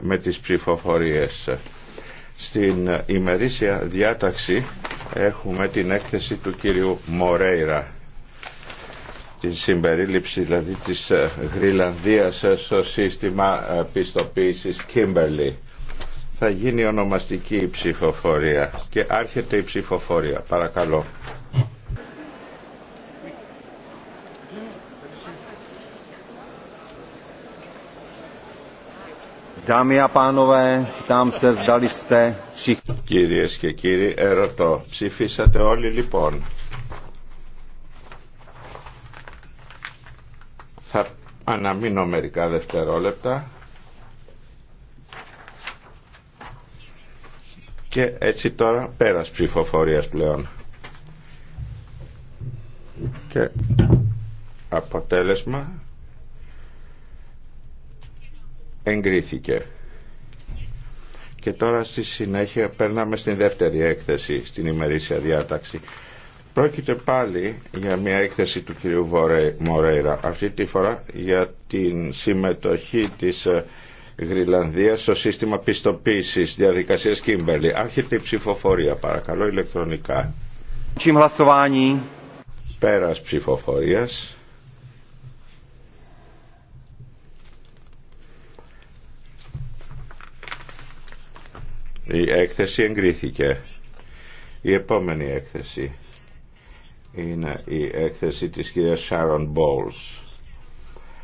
με τις ψηφοφορίες. Στην ημερήσια διάταξη έχουμε την έκθεση του κύριου Μορέιρα. Την συμπερίληψη δηλαδή της ε, Γρυλανδίας ε, στο σύστημα ε, πιστοποίησης Κίμπερλι. Θα γίνει ονομαστική η ψηφοφορία και άρχεται η ψηφοφορία. Παρακαλώ. Κυρίες και κύριοι, ερωτώ. Ψηφίσατε όλοι λοιπόν. Θα αναμείνω μερικά δευτερόλεπτα. Και έτσι τώρα πέρας ψηφοφορίας πλέον. Και αποτέλεσμα εγκρίθηκε. Και τώρα στη συνέχεια περνάμε στην δεύτερη έκθεση στην ημερήσια διάταξη. Πρόκειται πάλι για μια έκθεση του κυρίου Μορέιρα, αυτή τη φορά για την συμμετοχή της ε, Γρυλανδίας στο σύστημα πιστοποίησης διαδικασίας Κίμπερλι. Άρχεται η ψηφοφορία παρακαλώ ηλεκτρονικά. Πέρας ψηφοφορίας. Η έκθεση εγκρίθηκε. Η επόμενη έκθεση είναι η έκθεση της κυρίας Sharon Bowles.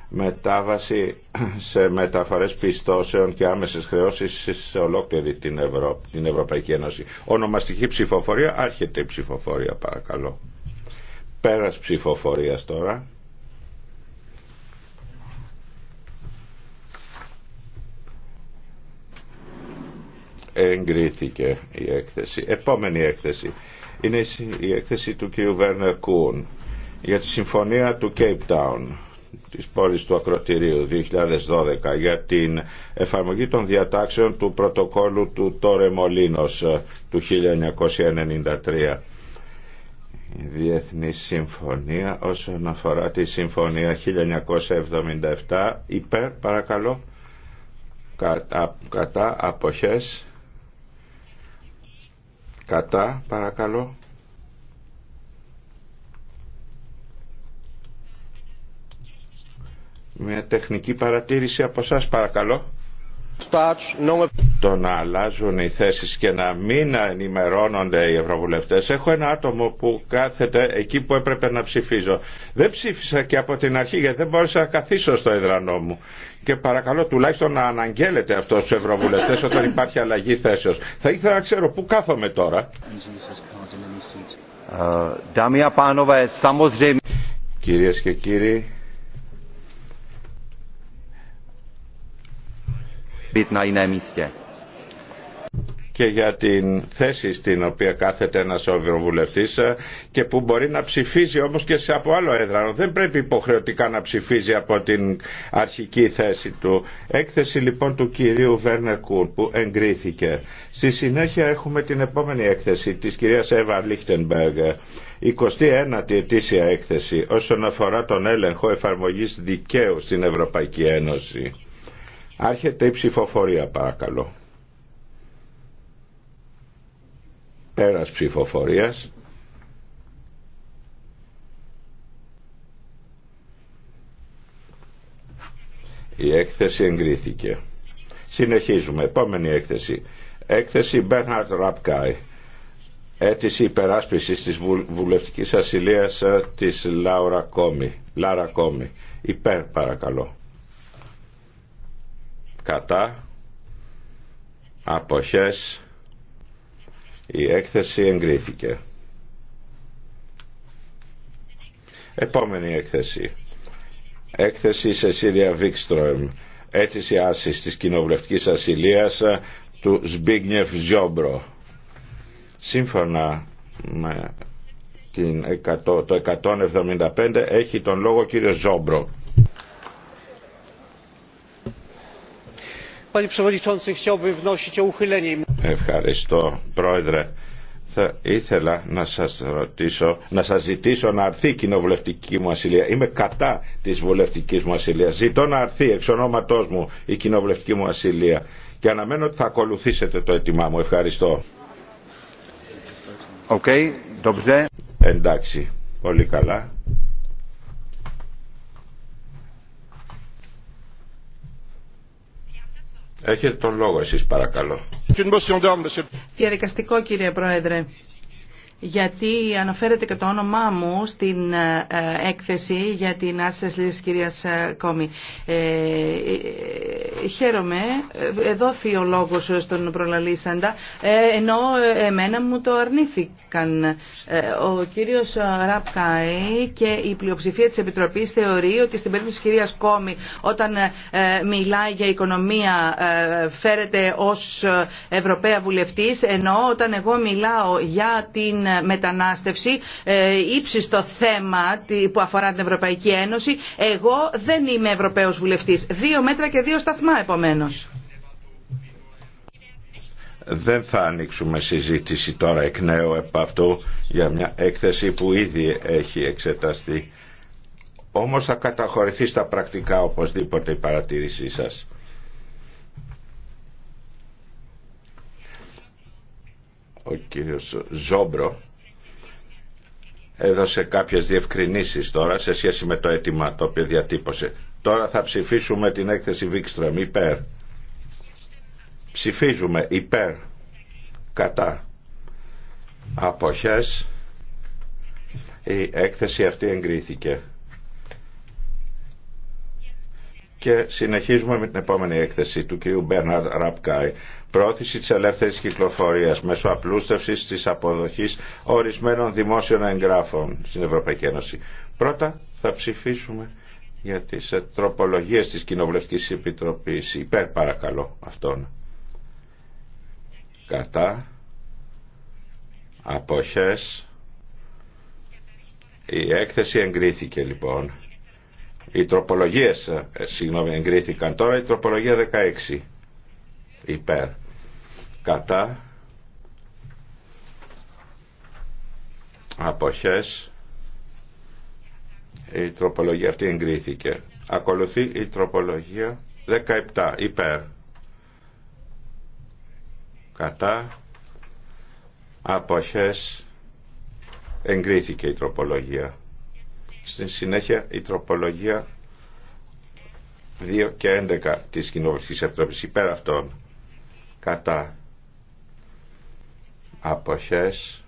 Μετάβαση σε μεταφορές πιστώσεων και άμεσες χρεώσεις σε ολόκληρη την, Ευρω... την Ευρωπαϊκή Ένωση. Ονομαστική ψηφοφορία, άρχεται η ψηφοφορία παρακαλώ. Πέρας ψηφοφορίας τώρα. η έκθεση. Επόμενη έκθεση είναι η έκθεση του κ. Βέρνερ Κούν για τη συμφωνία του Cape Town της πόλης του Ακροτηρίου 2012 για την εφαρμογή των διατάξεων του πρωτοκόλου του Τόρε Μολίνος ε, του 1993. Η Διεθνή Συμφωνία όσον αφορά τη Συμφωνία 1977 υπέρ παρακαλώ κατά, κατά αποχές Κατά, παρακαλώ. Μια τεχνική παρατήρηση από σας παρακαλώ. Το να αλλάζουν οι θέσεις και να μην ενημερώνονται οι ευρωβουλευτές. Έχω ένα άτομο που κάθεται εκεί που έπρεπε να ψηφίζω. Δεν ψήφισα και από την αρχή γιατί δεν μπόρεσα να καθίσω στο έδρανό μου. Και παρακαλώ τουλάχιστον να αναγγέλλεται αυτό στους ευρωβουλευτές όταν υπάρχει αλλαγή θέσεως. Θα ήθελα να ξέρω πού κάθομαι τώρα. Ε, Κυρίες και κύριοι, και για την θέση στην οποία κάθεται ένας ευρωβουλευτής ε, και που μπορεί να ψηφίζει όμως και σε από άλλο έδρανο. Δεν πρέπει υποχρεωτικά να ψηφίζει από την αρχική θέση του. Έκθεση λοιπόν του κυρίου Βέρνερ Κούν που εγκρίθηκε. Στη συνέχεια έχουμε την επόμενη έκθεση της κυρίας Εύα Λίχτενμπεργκ. 29η ετήσια έκθεση όσον αφορά τον έλεγχο εφαρμογής δικαίου στην Ευρωπαϊκή Ένωση. Άρχεται η ψηφοφορία παρακαλώ. Πέρας ψηφοφορίας. Η έκθεση εγκρίθηκε. Συνεχίζουμε. Επόμενη έκθεση. Έκθεση Bernhard Ραπκάι. Έτηση υπεράσπισης της βουλευτικής ασυλίας ε, της Λάρα Κόμη. Λάρα Κόμη. Υπέρ παρακαλώ κατά αποχές η έκθεση εγκρίθηκε επόμενη έκθεση έκθεση σε Βίξτροεμ Έτηση αίτηση άσης της κοινοβουλευτικής ασυλίας του Σμπίγνιεφ Ζόμπρο σύμφωνα με την το 175 έχει τον λόγο κύριο Ζόμπρο Ευχαριστώ πρόεδρε. Θα ήθελα να σας ρωτήσω, να σας ζητήσω να αρθεί η κοινοβουλευτική μου ασυλία. Είμαι κατά της βουλευτικής μου ασυλίας. Ζητώ να αρθεί εξ ονόματός μου η κοινοβουλευτική μου ασυλία. Και αναμένω ότι θα ακολουθήσετε το έτοιμά μου. Ευχαριστώ. Okay. Εντάξει, πολύ καλά. Έχετε τον λόγο εσείς παρακαλώ. Διαδικαστικό κύριε Πρόεδρε γιατί αναφέρεται και το όνομά μου στην ε, έκθεση για την άρση της κυρίας ε, Κόμη. Ε, ε χαίρομαι, δόθη ο λόγος στον προλαλήσαντα, ενώ εμένα μου το αρνήθηκαν. ο κύριος Ραπκάη και η πλειοψηφία της Επιτροπής θεωρεί ότι στην περίπτωση της κυρίας Κόμη όταν μιλάει για οικονομία φέρεται ως Ευρωπαία Βουλευτής, ενώ όταν εγώ μιλάω για την μετανάστευση, ε, ύψιστο θέμα που αφορά την Ευρωπαϊκή Ένωση. Εγώ δεν είμαι Ευρωπαίος Βουλευτής. Δύο μέτρα και δύο σταθμά επομένως. Δεν θα ανοίξουμε συζήτηση τώρα εκ νέου επ' αυτού για μια έκθεση που ήδη έχει εξεταστεί. Όμως θα καταχωρηθεί στα πρακτικά οπωσδήποτε η παρατήρησή σας. ο κύριος Ζόμπρο έδωσε κάποιες διευκρινήσεις τώρα σε σχέση με το αίτημα το οποίο διατύπωσε. Τώρα θα ψηφίσουμε την έκθεση Βίξτραμ υπέρ. Ψηφίζουμε υπέρ κατά αποχές. Η έκθεση αυτή εγκρίθηκε. Και συνεχίζουμε με την επόμενη έκθεση του κυρίου Μπέρναρντ Ραπκάη. Πρόθεση της ελεύθερης κυκλοφορίας μέσω απλούστευσης της αποδοχής ορισμένων δημόσιων εγγράφων στην Ευρωπαϊκή Ένωση. Πρώτα θα ψηφίσουμε για τις ε, τροπολογίες της Κοινοβουλευτικής Επιτροπής. Υπέρ παρακαλώ αυτόν. Κατά. Αποχές. Η έκθεση εγκρίθηκε λοιπόν. Οι τροπολογίες, ε, συγγνώμη, εγκρίθηκαν τώρα. Η τροπολογία 16. Υπέρ κατά αποχές η τροπολογία αυτή εγκρίθηκε ακολουθεί η τροπολογία 17 υπέρ κατά αποχές εγκρίθηκε η τροπολογία στην συνέχεια η τροπολογία 2 και 11 της Κοινοβουλικής Επιτροπής υπέρ αυτών κατά αποχές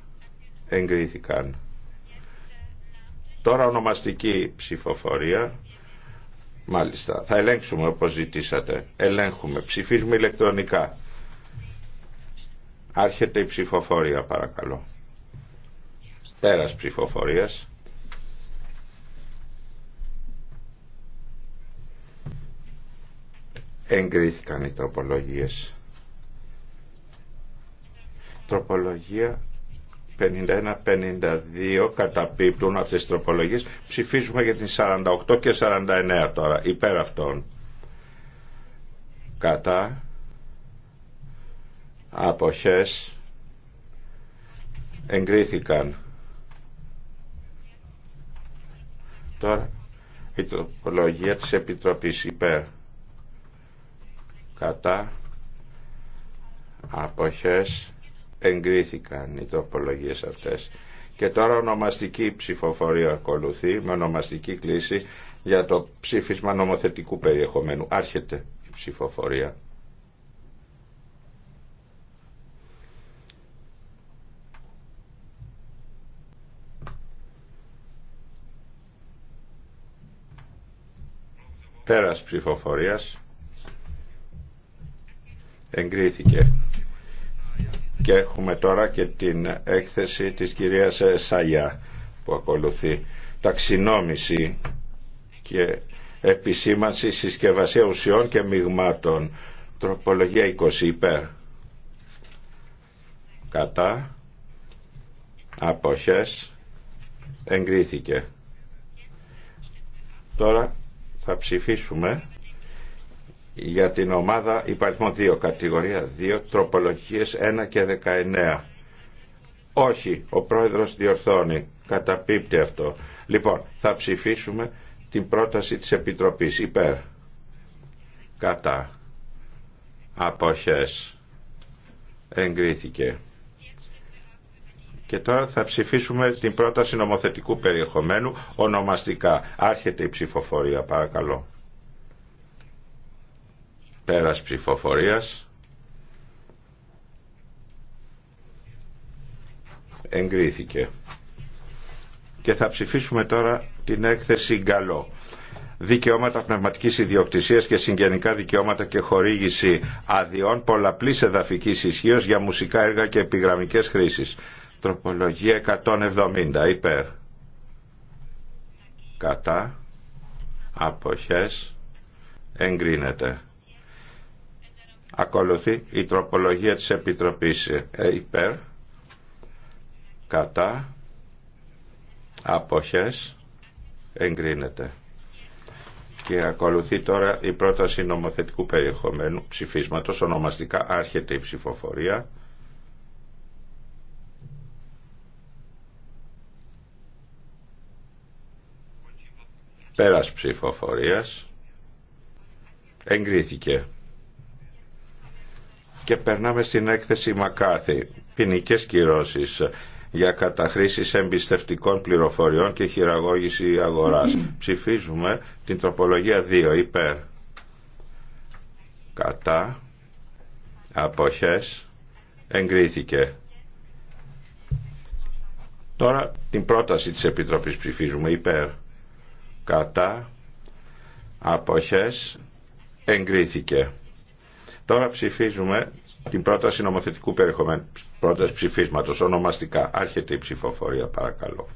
εγκρίθηκαν. Τώρα ονομαστική ψηφοφορία. Μάλιστα. Θα ελέγξουμε όπως ζητήσατε. Ελέγχουμε. Ψηφίζουμε ηλεκτρονικά. Άρχεται η ψηφοφορία παρακαλώ. Πέρας ψηφοφορίας. Εγκρίθηκαν οι τροπολογίες. Τροπολογία 51-52 καταπίπτουν αυτές τις τροπολογίες. Ψηφίζουμε για την 48 και 49 τώρα, υπέρ αυτών. Κατά αποχές εγκρίθηκαν. Τώρα η τροπολογία της Επιτροπής υπέρ κατά αποχές εγκρίθηκαν οι τροπολογίες αυτές. Και τώρα ονομαστική ψηφοφορία ακολουθεί με ονομαστική κλίση για το ψήφισμα νομοθετικού περιεχομένου. Άρχεται η ψηφοφορία. Πέρας ψηφοφορίας εγκρίθηκε. Και έχουμε τώρα και την έκθεση της κυρίας Σαγιά που ακολουθεί. Ταξινόμηση και επισήμανση συσκευασία ουσιών και μειγμάτων. Τροπολογία 20 υπέρ. Κατά. Αποχές. Εγκρίθηκε. Τώρα θα ψηφίσουμε για την ομάδα υπαριθμό 2, κατηγορία 2, τροπολογίες 1 και 19. Όχι, ο πρόεδρος διορθώνει, καταπίπτει αυτό. Λοιπόν, θα ψηφίσουμε την πρόταση της Επιτροπής υπέρ, κατά, αποχές, εγκρίθηκε. Και τώρα θα ψηφίσουμε την πρόταση νομοθετικού περιεχομένου ονομαστικά. Άρχεται η ψηφοφορία, παρακαλώ. Πέρας ψηφοφορίας. Εγκρίθηκε. Και θα ψηφίσουμε τώρα την έκθεση Γκαλό. Δικαιώματα πνευματικής ιδιοκτησίας και συγγενικά δικαιώματα και χορήγηση αδειών πολλαπλής εδαφικής ισχύω για μουσικά έργα και επιγραμμικές χρήσεις. Τροπολογία 170. Υπέρ. Κατά. Αποχές. Εγκρίνεται. Ακολουθεί η τροπολογία της Επιτροπής ε, κατά, αποχές, εγκρίνεται. Και ακολουθεί τώρα η πρόταση νομοθετικού περιεχομένου ψηφίσματος, ονομαστικά άρχεται η ψηφοφορία. Πέρας ψηφοφορίας εγκρίθηκε. Και περνάμε στην έκθεση Μακάθη. Ποινικέ κυρώσει για καταχρήσει εμπιστευτικών πληροφοριών και χειραγώγηση αγοράς. Ψηφίζουμε την τροπολογία 2 υπέρ. Κατά. Αποχές. Εγκρίθηκε. Τώρα την πρόταση της Επιτροπής ψηφίζουμε υπέρ. Κατά. Αποχές. Εγκρίθηκε. Τώρα ψηφίζουμε την πρόταση νομοθετικού περιεχομένου. Πρόταση ψηφίσματος ονομαστικά. Άρχεται η ψηφοφορία παρακαλώ.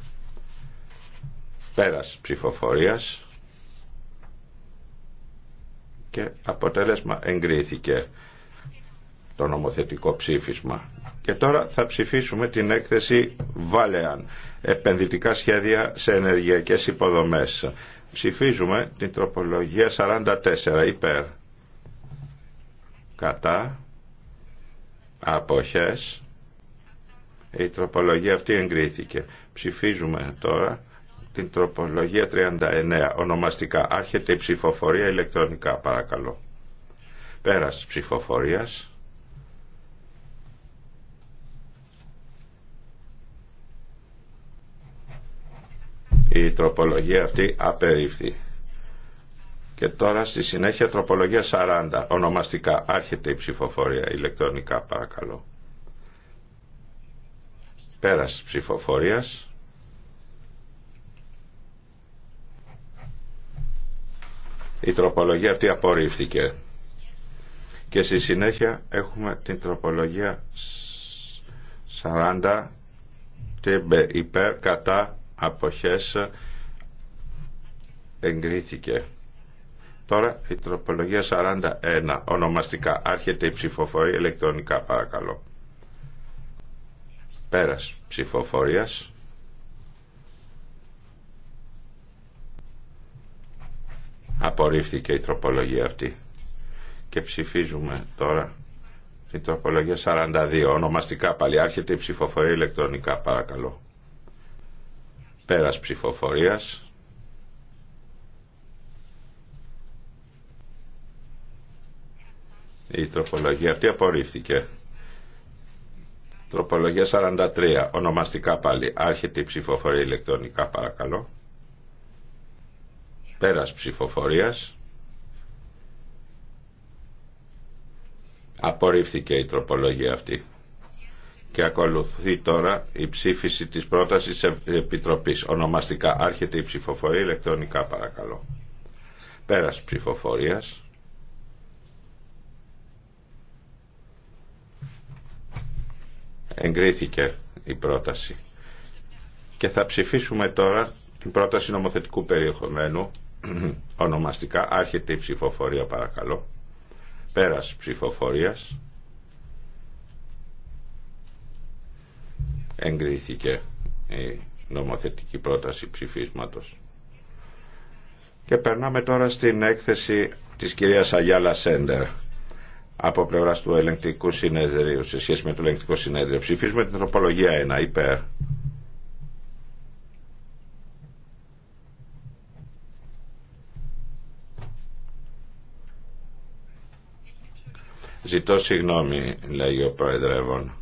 Πέρας ψηφοφορίας και αποτέλεσμα εγκρίθηκε το νομοθετικό ψήφισμα. Και τώρα θα ψηφίσουμε την έκθεση Βάλεαν, επενδυτικά σχέδια σε ενεργειακές υποδομές. Ψηφίζουμε την τροπολογία 44 υπέρ κατά αποχές η τροπολογία αυτή εγκρίθηκε ψηφίζουμε τώρα την τροπολογία 39 ονομαστικά άρχεται η ψηφοφορία ηλεκτρονικά παρακαλώ πέρας της ψηφοφορίας η τροπολογία αυτή απερίφθη και τώρα στη συνέχεια τροπολογία 40. Ονομαστικά. Άρχεται η ψηφοφορία ηλεκτρονικά παρακαλώ. Πέρας ψηφοφορίας. Η τροπολογία αυτή απορρίφθηκε. Και στη συνέχεια έχουμε την τροπολογία 40 υπέρ κατά αποχές εγκρίθηκε. Τώρα η τροπολογία 41 ονομαστικά. Άρχεται η ψηφοφορία ηλεκτρονικά παρακαλώ. Πέρας ψηφοφορίας. Απορρίφθηκε η τροπολογία αυτή. Και ψηφίζουμε τώρα η τροπολογία 42. Ονομαστικά πάλι άρχεται η ψηφοφορία ηλεκτρονικά παρακαλώ. Πέρας ψηφοφορίας. η τροπολογία αυτή απορρίφθηκε. Τροπολογία 43, ονομαστικά πάλι. Άρχεται η ψηφοφορία ηλεκτρονικά παρακαλώ. Πέρας ψηφοφορίας. Απορρίφθηκε η τροπολογία αυτή. Και ακολουθεί τώρα η ψήφιση της πρότασης Επιτροπής. Ονομαστικά άρχεται η ψηφοφορία ηλεκτρονικά παρακαλώ. Πέρας ψηφοφορίας. Εγκρίθηκε η πρόταση. Και θα ψηφίσουμε τώρα την πρόταση νομοθετικού περιεχομένου ονομαστικά. Άρχεται η ψηφοφορία παρακαλώ. Πέρας ψηφοφορίας. Εγκρίθηκε η νομοθετική πρόταση ψηφίσματος. Και περνάμε τώρα στην έκθεση της κυρίας Αγιάλα Σέντερ από πλευρά του ελεγκτικού συνέδριου σε σχέση με το ελεγκτικό συνέδριο. Ψηφίζουμε την τροπολογία 1 υπέρ. Ζητώ συγγνώμη, λέει ο Προεδρεύων.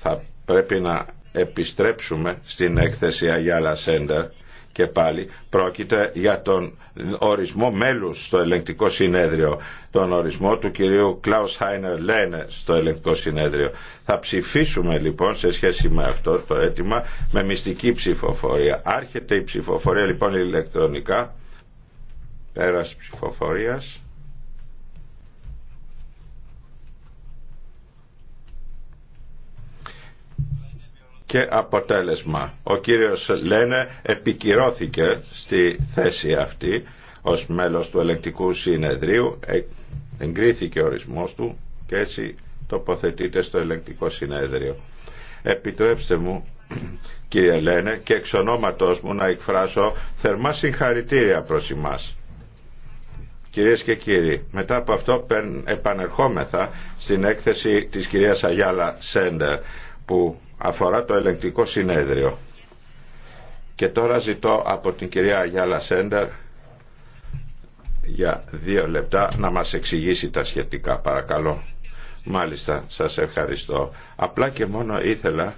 Θα πρέπει να επιστρέψουμε στην έκθεση Αγιάλα Σέντερ και πάλι πρόκειται για τον ορισμό μέλους στο ελεγκτικό συνέδριο, τον ορισμό του κυρίου Κλάους Χάινερ Λένε στο ελεγκτικό συνέδριο. Θα ψηφίσουμε λοιπόν σε σχέση με αυτό το αίτημα με μυστική ψηφοφορία. Άρχεται η ψηφοφορία λοιπόν ηλεκτρονικά πέρας ψηφοφορίας. και αποτέλεσμα. Ο κύριος Λένε επικυρώθηκε στη θέση αυτή ως μέλος του ελεγκτικού συνεδρίου, ε, εγκρίθηκε ο ορισμός του και έτσι τοποθετείται στο ελεγκτικό συνέδριο. Επιτρέψτε μου κύριε Λένε και εξ μου να εκφράσω θερμά συγχαρητήρια προς εμάς. Κυρίες και κύριοι, μετά από αυτό επανερχόμεθα στην έκθεση της κυρίας Αγιάλα Σέντερ που αφορά το ελεγκτικό συνέδριο. Και τώρα ζητώ από την κυρία Γιάλα Σέντερ για δύο λεπτά να μας εξηγήσει τα σχετικά παρακαλώ. Μάλιστα, σας ευχαριστώ. Απλά και μόνο ήθελα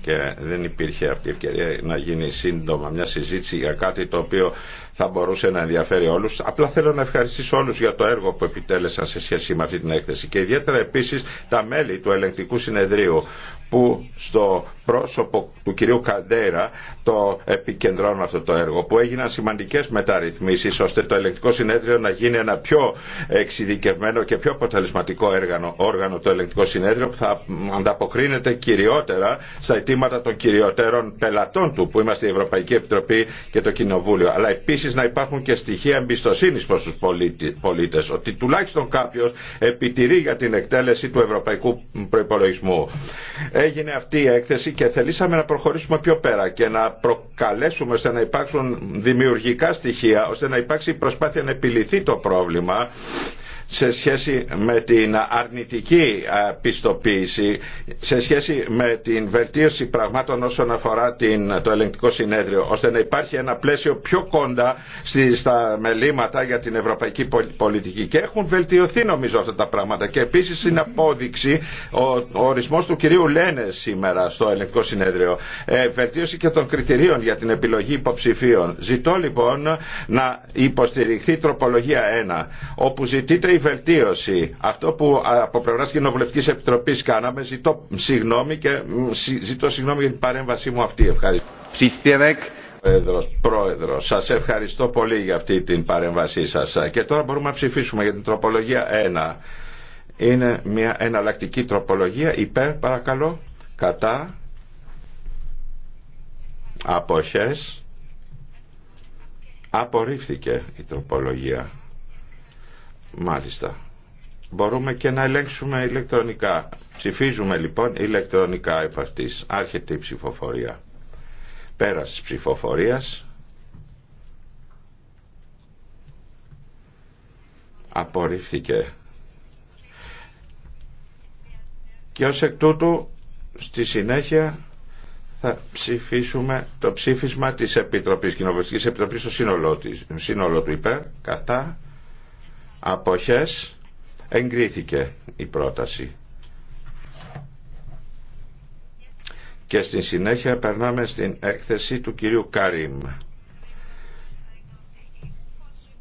και δεν υπήρχε αυτή η ευκαιρία να γίνει σύντομα μια συζήτηση για κάτι το οποίο θα μπορούσε να ενδιαφέρει όλους. Απλά θέλω να ευχαριστήσω όλους για το έργο που επιτέλεσαν σε σχέση με αυτή την έκθεση και ιδιαίτερα επίσης τα μέλη του ελεγκτικού συνεδρίου που στο πρόσωπο του κυρίου Καλτέρα το επικεντρώνω αυτό το έργο που έγιναν σημαντικές μεταρρυθμίσεις ώστε το ελεκτικό συνέδριο να γίνει ένα πιο εξειδικευμένο και πιο αποτελεσματικό έργανο, όργανο το ελεκτικό συνέδριο που θα ανταποκρίνεται κυριότερα στα αιτήματα των κυριότερων πελατών του που είμαστε η Ευρωπαϊκή Επιτροπή και το Κοινοβούλιο αλλά επίσης να υπάρχουν και στοιχεία εμπιστοσύνη προς τους πολίτες ότι τουλάχιστον κάποιο επιτηρεί για την εκτέλεση του ευρωπαϊκού προϋπολογισμού. Έγινε αυτή η έκθεση και θελήσαμε να προχωρήσουμε πιο πέρα και να προκαλέσουμε ώστε να υπάρξουν δημιουργικά στοιχεία, ώστε να υπάρξει προσπάθεια να επιληθεί το πρόβλημα σε σχέση με την αρνητική πιστοποίηση, σε σχέση με την βελτίωση πραγμάτων όσον αφορά την, το ελεγκτικό συνέδριο, ώστε να υπάρχει ένα πλαίσιο πιο κοντά στα μελήματα για την ευρωπαϊκή πολιτική. Και έχουν βελτιωθεί νομίζω αυτά τα πράγματα. Και επίσης είναι απόδειξη ο, ο ορισμός του κυρίου Λένε σήμερα στο ελεγκτικό συνέδριο. Ε, βελτίωση και των κριτηρίων για την επιλογή υποψηφίων. Ζητώ λοιπόν να υποστηριχθεί τροπολογία 1, όπου ζητείται η βελτίωση. Αυτό που από πλευρά Κοινοβουλευτική Επιτροπή κάναμε, ζητώ συγγνώμη και ζητώ συγγνώμη για την παρέμβασή μου αυτή. Ευχαριστώ. Πρόεδρος, πρόεδρος, σας ευχαριστώ πολύ για αυτή την παρέμβασή σα και τώρα μπορούμε να ψηφίσουμε για την τροπολογία 1. Είναι μια εναλλακτική τροπολογία υπέρ παρακαλώ, κατά, αποχές, απορρίφθηκε η τροπολογία. Μάλιστα. Μπορούμε και να ελέγξουμε ηλεκτρονικά. Ψηφίζουμε λοιπόν ηλεκτρονικά επ' αυτής. Άρχεται η ψηφοφορία. Πέρας της ψηφοφορίας. Απορρίφθηκε. Και ως εκ τούτου στη συνέχεια θα ψηφίσουμε το ψήφισμα της Επιτροπής, Κοινοβουλευτικής Επιτροπής στο σύνολό, σύνολό του υπέρ, κατά, αποχές εγκρίθηκε η πρόταση. Και στη συνέχεια περνάμε στην έκθεση του κυρίου Κάριμ.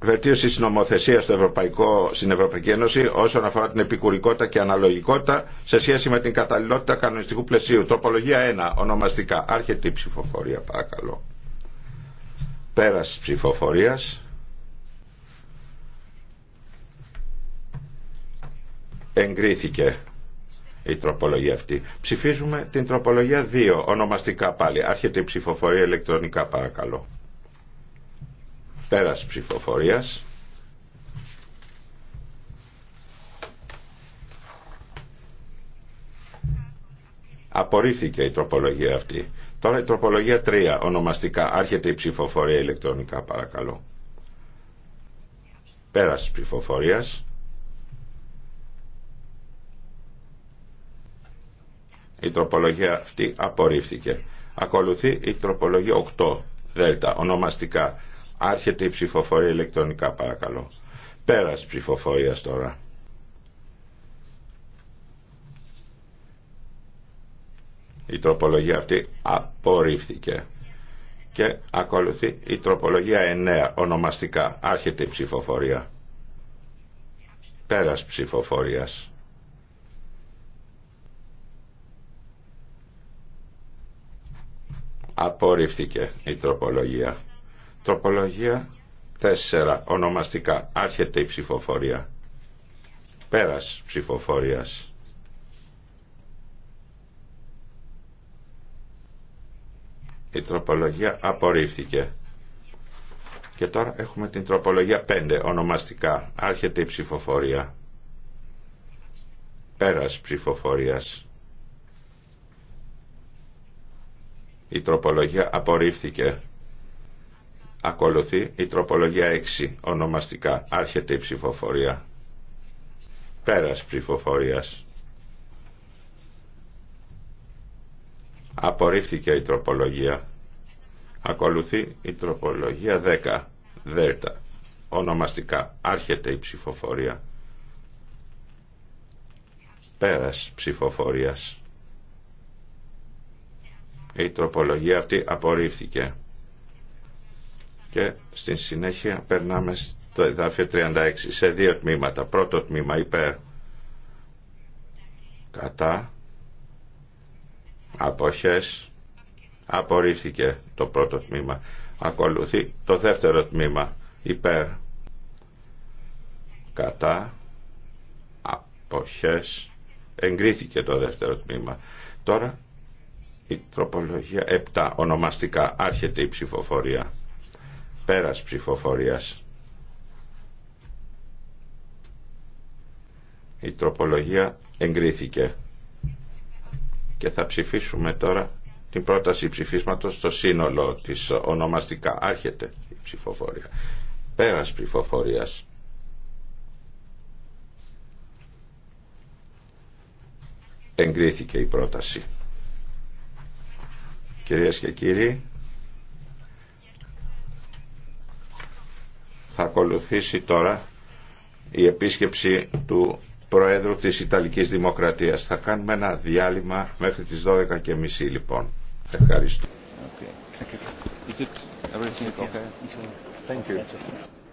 Βελτίωση τη νομοθεσία στην Ευρωπαϊκή Ένωση όσον αφορά την επικουρικότητα και αναλογικότητα σε σχέση με την καταλληλότητα κανονιστικού πλαισίου. Τροπολογία 1. Ονομαστικά. Άρχεται η ψηφοφορία, παρακαλώ. Πέραση ψηφοφορίας. Εγκρίθηκε η τροπολογία αυτή. Ψηφίζουμε την τροπολογία 2, ονομαστικά πάλι. Άρχεται η ψηφοφορία ηλεκτρονικά παρακαλώ. Πέρας ψηφοφορίας. Απορρίφθηκε η τροπολογία αυτή. Τώρα η τροπολογία 3, ονομαστικά. Άρχεται η ψηφοφορία ηλεκτρονικά παρακαλώ. Πέρας ψηφοφορίας. Η τροπολογία αυτή απορρίφθηκε. Ακολουθεί η τροπολογία 8, δέλτα, ονομαστικά. Άρχεται η ψηφοφορία ηλεκτρονικά παρακαλώ. Πέρας ψηφοφορίας τώρα. Η τροπολογία αυτή απορρίφθηκε. Και ακολουθεί η τροπολογία 9, ονομαστικά. Άρχεται η ψηφοφορία. Πέρας ψηφοφορίας. Απορρίφθηκε η τροπολογία. Τροπολογία 4. Ονομαστικά. Άρχεται η ψηφοφορία. Πέρας ψηφοφορίας. Η τροπολογία απορρίφθηκε. Και τώρα έχουμε την τροπολογία 5 ονομαστικά. Άρχεται η ψηφοφορία. Πέρας ψηφοφορίας. Η τροπολογία απορρίφθηκε. Ακολουθεί η τροπολογία 6 ονομαστικά. Άρχεται η ψηφοφορία. Πέρας ψηφοφορίας. Απορρίφθηκε η τροπολογία. Ακολουθεί η τροπολογία 10. Δέλτα. Ονομαστικά. Άρχεται η ψηφοφορία. Πέρας ψηφοφορίας. Η τροπολογία αυτή απορρίφθηκε. Και στη συνέχεια περνάμε στο εδάφιο 36 σε δύο τμήματα. Πρώτο τμήμα υπέρ κατά αποχές απορρίφθηκε το πρώτο τμήμα. Ακολουθεί το δεύτερο τμήμα υπέρ κατά αποχές εγκρίθηκε το δεύτερο τμήμα. Τώρα η τροπολογία 7 ονομαστικά άρχεται η ψηφοφορία. Πέρας ψηφοφορίας. Η τροπολογία εγκρίθηκε. Και θα ψηφίσουμε τώρα την πρόταση ψηφίσματος στο σύνολο της ονομαστικά. Άρχεται η ψηφοφορία. Πέρας ψηφοφορίας. Εγκρίθηκε η πρόταση. Κυρίες και κύριοι, θα ακολουθήσει τώρα η επίσκεψη του Προέδρου της Ιταλικής Δημοκρατίας. Θα κάνουμε ένα διάλειμμα μέχρι τις 12.30 λοιπόν. Ευχαριστώ. Okay. Thank you.